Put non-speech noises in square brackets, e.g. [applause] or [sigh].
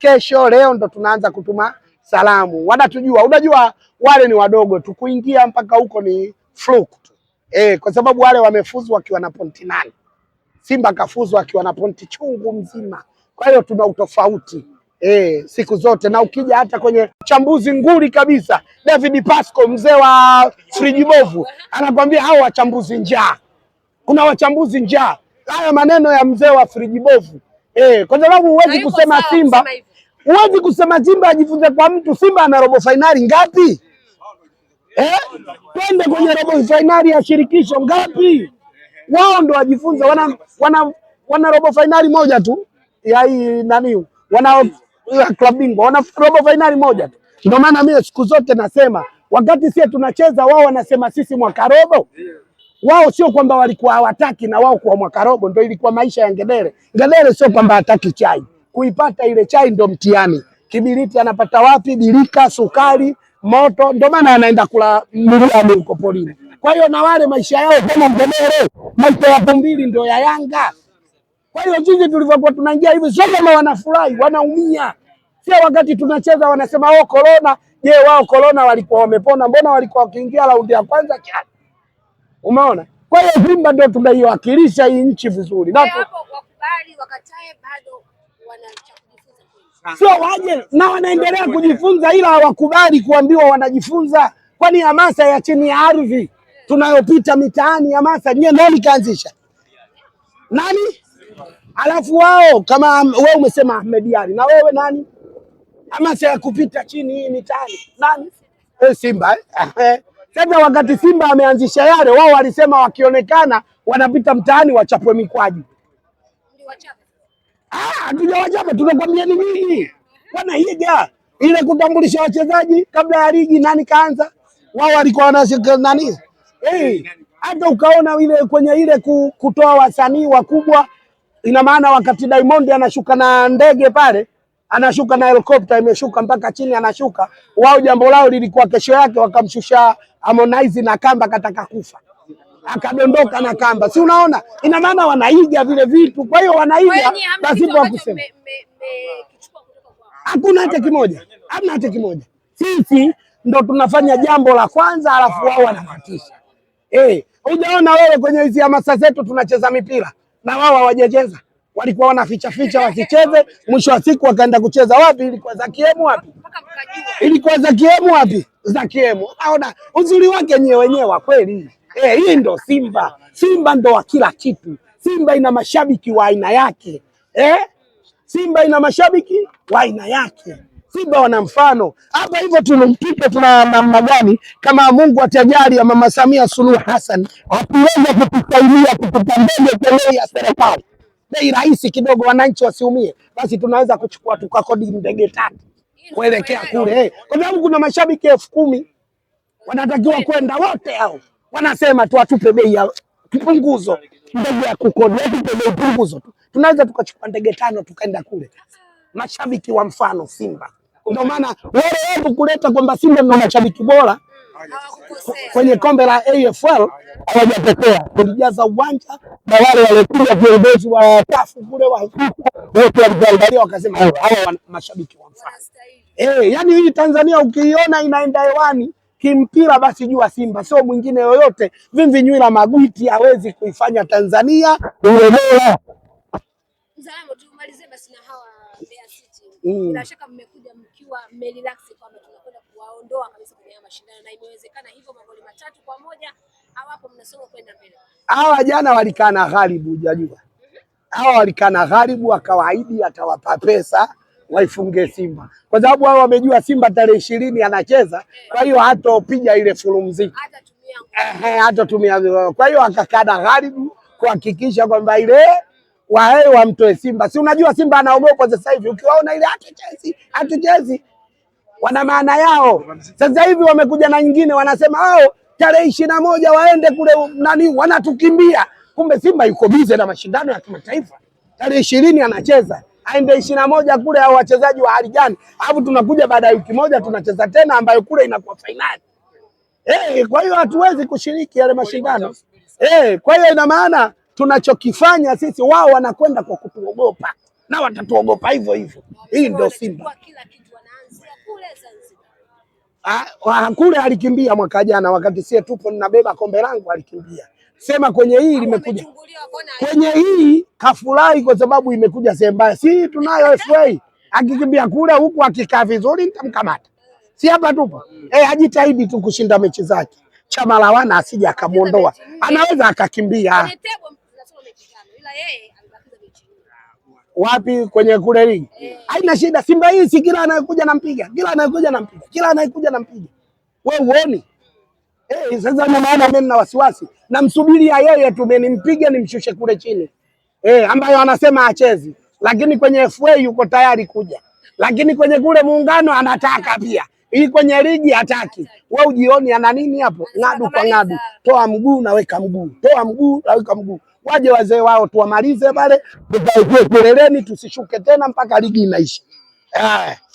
kesho leo ndo tunaanza kutuma salamu. Wanatujua, unajua wale ni wadogo tu, kuingia mpaka huko ni fluke tu eh, kwa sababu wale wamefuzu wakiwa na pointi nane. Simba kafuzu akiwa na pointi chungu mzima, kwa hiyo tuna utofauti eh, siku zote. Na ukija hata kwenye chambuzi nguli kabisa, David Pasco mzee wa friji bovu anakwambia hao wachambuzi njaa, kuna wachambuzi njaa. Haya maneno ya mzee wa friji bovu eh, kwa sababu huwezi kusema Simba Huwezi kusema Simba ajifunze kwa mtu. Simba ana robo fainali ngapi eh? Twende kwenye robo fainali ya shirikisho ngapi? Wao ndo wajifunze, wana, wana, wana robo fainali moja tu ya hii nani, wana klabu bingwa, wana robo fainali moja tu. Ndio maana mimi siku zote nasema wakati sie tunacheza wao wanasema sisi mwaka robo wao sio kwamba walikuwa hawataki na wao kuwa mwaka robo, ndio ilikuwa maisha ya Ngedere. Ngedere sio kwamba hataki chai kuipata ile chai ndo mtihani. Kibiriti anapata wapi? Birika, sukari, moto. ndo maana anaenda kula mliani huko polini. Kwa hiyo na wale maisha yao kama Mgomero, maisha ya Pumbili ndo ya Yanga. Kwa hiyo sisi tulivyokuwa tunaingia hivi, sio kama wanafurahi, wanaumia. Sio wakati tunacheza wanasema oh, corona. Je, wao corona walikuwa wamepona? Mbona walikuwa wakiingia raundi ya kwanza kiasi? Umeona? Kwa hiyo Simba ndio tumeiwakilisha hii nchi vizuri. Na wakatae bado sio waje na wanaendelea kujifunza, ila hawakubali kuambiwa wanajifunza. Kwani hamasa ya chini ya ardhi tunayopita mitaani, hamasa nyie ndio likaanzisha nani? Alafu wao kama wewe umesema Ahmed Ali, na wewe nani? Hamasa ya kupita chini hii mitaani nani? E, Simba eh, eh, eh? Sasa wakati Simba ameanzisha yale, wao walisema wakionekana wanapita mtaani wachapwe mikwaji. Ah, Hatujawajapa, tunakwambia ni nini? Wanaiga ile kutambulisha wachezaji kabla ya ligi. Nani kaanza? Wao walikuwa wanashika nani? Eh, hata ukaona ile kwenye ile kutoa wasanii wakubwa, ina maana wakati Diamond anashuka na ndege pale anashuka na helikopta imeshuka mpaka chini, anashuka wao. Jambo lao lilikuwa kesho yake wakamshusha Harmonize na kamba, kataka kufa akadondoka na kamba, si unaona? Ina maana wanaiga vile vitu, kwa hiyo wanaiga pasipo kusema. Hakuna hata kimoja, hamna hata kimoja. Sisi ndo tunafanya jambo la kwanza, alafu wao wanamatisha. Eh, hujaona wewe kwenye hizi hamasa zetu tunacheza mipira na wao hawajacheza, walikuwa wanaficha ficha wasicheze, mwisho wa siku wakaenda kucheza wapi? Ilikuwa za kiemu wapi? Ilikuwa za kiemu wapi? Za kiemu. Unaona uzuri wake nyewe wenyewe kweli. Eh, hii ndo Simba. Simba ndo wa kila kitu. Simba ina mashabiki wa aina yake eh? Simba ina mashabiki wa aina yake. Simba wana mfano hapa hivyo, tunampita tuna namna gani? Kama Mungu atajali ya Mama Samia Suluhu Hassan atuweza kutusaidia kutupa kwa kwenye ya serikali bei rahisi kidogo, wananchi wasiumie, basi tunaweza kuchukua tukakodi ndege tatu kuelekea kule, eh, kwa sababu kuna mashabiki elfu kumi wanatakiwa kwenda wote hao wanasema tu atupe bei ya kipunguzo ndege ya kukodi, atupe bei punguzo tu, tunaweza tukachukua ndege tano tukaenda kule. Mashabiki wa mfano Simba, ndio maana wale watu kuleta kwamba Simba ndio mashabiki bora kwenye kombe la AFL hawajatokea kulijaza uwanja na wale waliokuja viongozi wa tafu kule wa wote waliangalia wakasema hawa mashabiki wa mfano eh, yani hii Tanzania ukiiona inaenda hewani Kimpira basi jua Simba sio mwingine yoyote. Vivi nywila magwiti hawezi kuifanya Tanzania ule bora. Mzalamo, tumalizie basi na hawa Mbeya City. Mm. Bila shaka mmekuja mkiwa mmerelax kwamba tunakwenda kuwaondoa kabisa kwenye mashindano na imewezekana hivyo, magoli matatu kwa moja hawapo, mnasonga kwenda mbele. Hawa jana walikana gharibu, hujajua mhm. hawa walikana gharibu, akawaahidi atawapa pesa waifunge Simba kwa sababu wao wamejua Simba tarehe ishirini anacheza, kwa hiyo hatopiga ile furumziki, hatotumia. Kwa hiyo akakada gharibu kuhakikisha kwamba ile wae wamtoe Simba. Si unajua Simba anaogopa sasa hivi, ukiwaona ile hatuchezi, hatuchezi, wana maana yao. Sasa hivi wamekuja na nyingine, wanasema hao oh, tarehe ishirini na moja waende kule nani, wanatukimbia. Kumbe Simba yuko bize na mashindano ya kimataifa, tarehe ishirini anacheza aende ishirini na moja kule au wachezaji wa hali gani? Alafu tunakuja baada ya wiki moja tunacheza tena, ambayo kule inakuwa fainali eh. Kwa hiyo hatuwezi kushiriki yale mashindano eh. Kwa hiyo ina maana tunachokifanya sisi, wao wanakwenda kwa kutuogopa na watatuogopa hivyo hivyo. Hii ndio Simba. Ah, kule alikimbia mwaka jana, wakati sie tupo ninabeba kombe langu alikimbia sema kwenye hii limekuja kwenye hii kafurahi kwa sababu imekuja sehemu mbaya. Si tunayo [laughs] FA, akikimbia kule huku akikaa vizuri nitamkamata. Si hapa tupo mm. eh, ajitahidi tu kushinda mechi zake. Chama la asije akamuondoa. anaweza akakimbia wapi kwenye kule ligi eh. haina shida. Simba hii si kila anayekuja nampiga, kila anayekuja nampiga, kila anayekuja nampiga, Wewe uone. Eh, sasa ndio maana mimi nina wasiwasi. Namsubiria yeye tu nimpiga nimshushe kule chini. Eh, ambayo anasema achezi. Lakini kwenye FA yuko tayari kuja. Lakini kwenye kule muungano anataka pia. Hii kwenye ligi hataki. Wewe ujioni ana nini hapo? Ngadu kwa ngadu. Toa mguu na weka mguu. Toa mguu na weka mguu. Waje wazee wao tuwamalize pale. Tupaikie kuleleni tusishuke tena mpaka ligi inaisha. Eh.